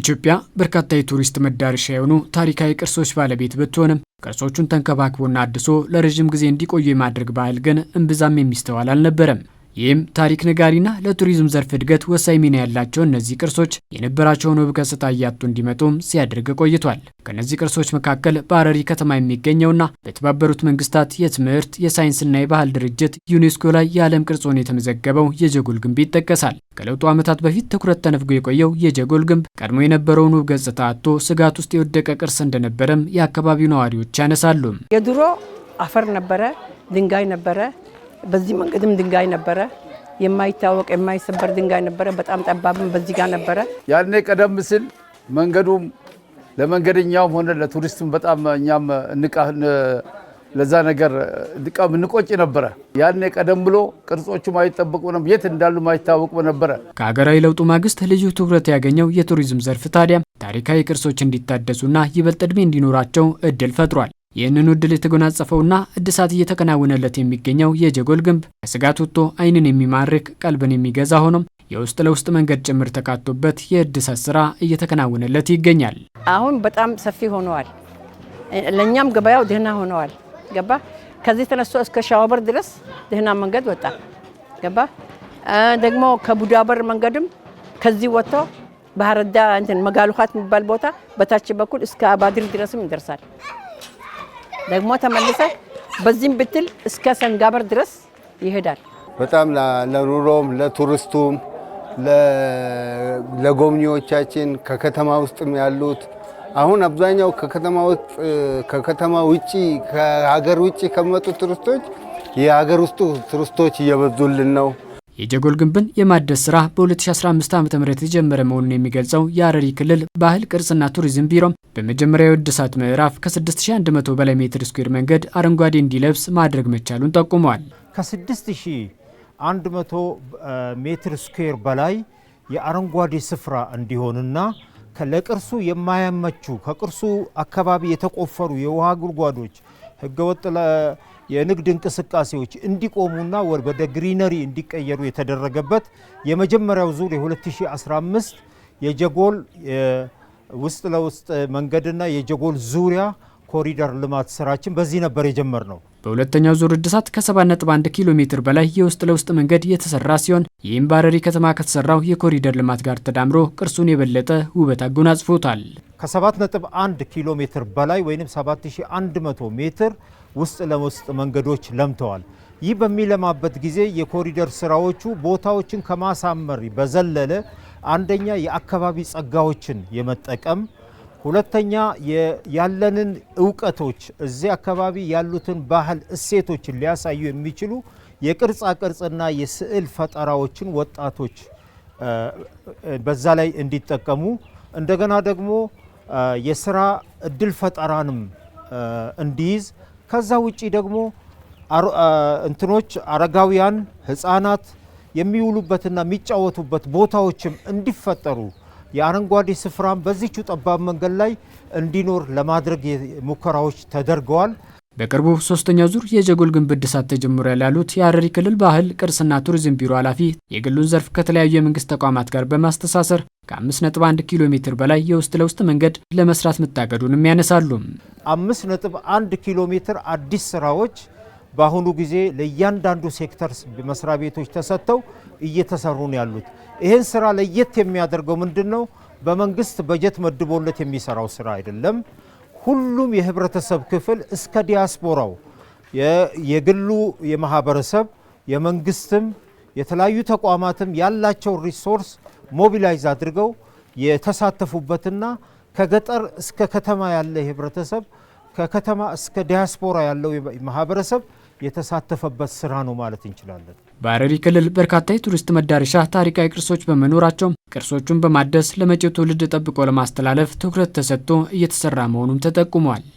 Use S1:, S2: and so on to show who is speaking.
S1: ኢትዮጵያ በርካታ የቱሪስት መዳረሻ የሆኑ ታሪካዊ ቅርሶች ባለቤት ብትሆንም ቅርሶቹን ተንከባክቦና አድሶ ለረዥም ጊዜ እንዲቆዩ የማድረግ ባህል ግን እምብዛም የሚስተዋል አልነበረም። ይህም ታሪክ ነጋሪና ለቱሪዝም ዘርፍ እድገት ወሳኝ ሚና ያላቸው እነዚህ ቅርሶች የነበራቸውን ውብ ገጽታ እያጡ እንዲመጡም ሲያደርግ ቆይቷል። ከእነዚህ ቅርሶች መካከል በሐረሪ ከተማ የሚገኘውና በተባበሩት መንግስታት የትምህርት የሳይንስና የባህል ድርጅት ዩኔስኮ ላይ የዓለም ቅርጽ ሆኖ የተመዘገበው የጀጎል ግንብ ይጠቀሳል። ከለውጡ ዓመታት በፊት ትኩረት ተነፍጎ የቆየው የጀጎል ግንብ ቀድሞ የነበረውን ውብ ገጽታ አጥቶ ስጋት ውስጥ የወደቀ ቅርስ እንደነበረም የአካባቢው ነዋሪዎች ያነሳሉ። የድሮ አፈር ነበረ፣ ድንጋይ ነበረ፣ በዚህ መንገድም ድንጋይ ነበረ፣ የማይታወቅ የማይሰበር ድንጋይ ነበረ። በጣም ጠባብም በዚህ ጋር ነበረ።
S2: ያኔ ቀደም ሲል መንገዱም ለመንገደኛውም ሆነ ለቱሪስትም በጣም እኛም ለዛ ነገር ድቃም እንቆጭ ነበረ። ያኔ ቀደም ብሎ ማይጠበቁ ነው፣ የት እንዳሉ ማይታወቁ ነበረ።
S3: ከሀገራዊ ለውጡ ማግስት ልዩ ትኩረት ያገኘው የቱሪዝም ዘርፍ ታዲያ ታሪካዊ ቅርሶች እንዲታደሱና ይበልጥ ዕድሜ እንዲኖራቸው እድል ፈጥሯል። ይህንን ዕድል የተጎናጸፈውና እድሳት እየተከናወነለት የሚገኘው የጀጎል ግንብ ከስጋት ወጥቶ ዓይንን የሚማርክ ቀልብን የሚገዛ ሆኖም የውስጥ ለውስጥ መንገድ ጭምር ተካቶበት የእድሳት ስራ እየተከናወነለት ይገኛል።
S1: አሁን በጣም ሰፊ ሆነዋል። ለእኛም ገበያው ደህና ሆነዋል። ገባ ከዚህ ተነስቶ እስከ ሻዋበር ድረስ ደህና መንገድ ወጣ። ገባ ደግሞ ከቡዳበር መንገድም ከዚህ ወጥቶ ባህረዳ እንትን የሚባል ቦታ በታች በኩል እስከ አባድር ድረስም ይደርሳል። ደግሞ ተመልሰ በዚህም ብትል እስከ ሰንጋበር ድረስ ይሄዳል።
S4: በጣም ለኑሮም ለቱሪስቱም ለጎብኚዎቻችን ከከተማ ውስጥም ያሉት አሁን አብዛኛው ከከተማ ውጭ ከሀገር ውጭ ከመጡ ቱሪስቶች የሀገር ውስጡ ቱሪስቶች እየበዙልን ነው።
S3: የጀጎል ግንብን የማደስ ስራ በ2015 ዓ ም የተጀመረ መሆኑን የሚገልጸው የአረሪ ክልል ባህል ቅርጽና ቱሪዝም ቢሮም በመጀመሪያው የእድሳት ምዕራፍ ከ6100 በላይ ሜትር ስኩዌር መንገድ አረንጓዴ እንዲለብስ ማድረግ መቻሉን ጠቁመዋል።
S5: ከ6100 ሜትር ስኩዌር በላይ የአረንጓዴ ስፍራ እንዲሆንና ለቅርሱ የማያመቹ ከቅርሱ አካባቢ የተቆፈሩ የውሃ ጉድጓዶች ህገወጥ የንግድ እንቅስቃሴዎች እንዲቆሙና ወደ ግሪነሪ እንዲቀየሩ የተደረገበት የመጀመሪያው ዙር የ2015 የጀጎል ውስጥ ለውስጥ መንገድና የጀጎል ዙሪያ ኮሪደር ልማት ስራችን በዚህ ነበር የጀመርነው።
S3: በሁለተኛው ዙር እድሳት ከ7.1 ኪሎ ሜትር በላይ የውስጥ ለውስጥ መንገድ የተሰራ ሲሆን ይህም ባረሪ ከተማ ከተሰራው የኮሪደር ልማት ጋር ተዳምሮ ቅርሱን የበለጠ ውበት አጎናጽፎታል።
S5: ከ7.1 ኪሎ ሜትር በላይ ወይም 7100 ሜትር ውስጥ ለውስጥ መንገዶች ለምተዋል። ይህ በሚለማበት ጊዜ የኮሪደር ስራዎቹ ቦታዎችን ከማሳመር በዘለለ አንደኛ የአካባቢ ጸጋዎችን የመጠቀም ሁለተኛ ያለንን እውቀቶች እዚህ አካባቢ ያሉትን ባህል እሴቶችን ሊያሳዩ የሚችሉ የቅርጻ ቅርጽና የስዕል ፈጠራዎችን ወጣቶች በዛ ላይ እንዲጠቀሙ እንደገና ደግሞ የስራ እድል ፈጠራንም እንዲይዝ ከዛ ውጪ ደግሞ እንትኖች አረጋውያን፣ ህጻናት የሚውሉበትና የሚጫወቱበት ቦታዎችም እንዲፈጠሩ የአረንጓዴ ስፍራም በዚቹ ጠባብ መንገድ ላይ እንዲኖር ለማድረግ ሙከራዎች ተደርገዋል።
S3: በቅርቡ ሶስተኛ ዙር የጀጎል ግንብ እድሳት ተጀምሯል ያሉት የሀረሪ ክልል ባህል ቅርስና ቱሪዝም ቢሮ ኃላፊ የግሉን ዘርፍ ከተለያዩ የመንግስት ተቋማት ጋር በማስተሳሰር ከ5.1 ኪሎ ሜትር በላይ የውስጥ ለውስጥ መንገድ ለመስራት መታቀዱንም ያነሳሉ።
S5: 5.1 ኪሎ ሜትር አዲስ ስራዎች በአሁኑ ጊዜ ለእያንዳንዱ ሴክተር መስሪያ ቤቶች ተሰጥተው እየተሰሩ ነው ያሉት። ይህን ስራ ለየት የሚያደርገው ምንድን ነው? በመንግስት በጀት መድቦለት የሚሰራው ስራ አይደለም። ሁሉም የህብረተሰብ ክፍል እስከ ዲያስፖራው የግሉ የማህበረሰብ የመንግስትም የተለያዩ ተቋማትም ያላቸው ሪሶርስ ሞቢላይዝ አድርገው የተሳተፉበትና ከገጠር እስከ ከተማ ያለ ህብረተሰብ ከከተማ እስከ ዲያስፖራ ያለው ማህበረሰብ የተሳተፈበት ስራ ነው ማለት እንችላለን።
S3: በሀረሪ ክልል በርካታ የቱሪስት መዳረሻ ታሪካዊ ቅርሶች በመኖራቸው ቅርሶቹን በማደስ ለመጪው ትውልድ ጠብቆ ለማስተላለፍ ትኩረት ተሰጥቶ እየተሰራ መሆኑም ተጠቁሟል።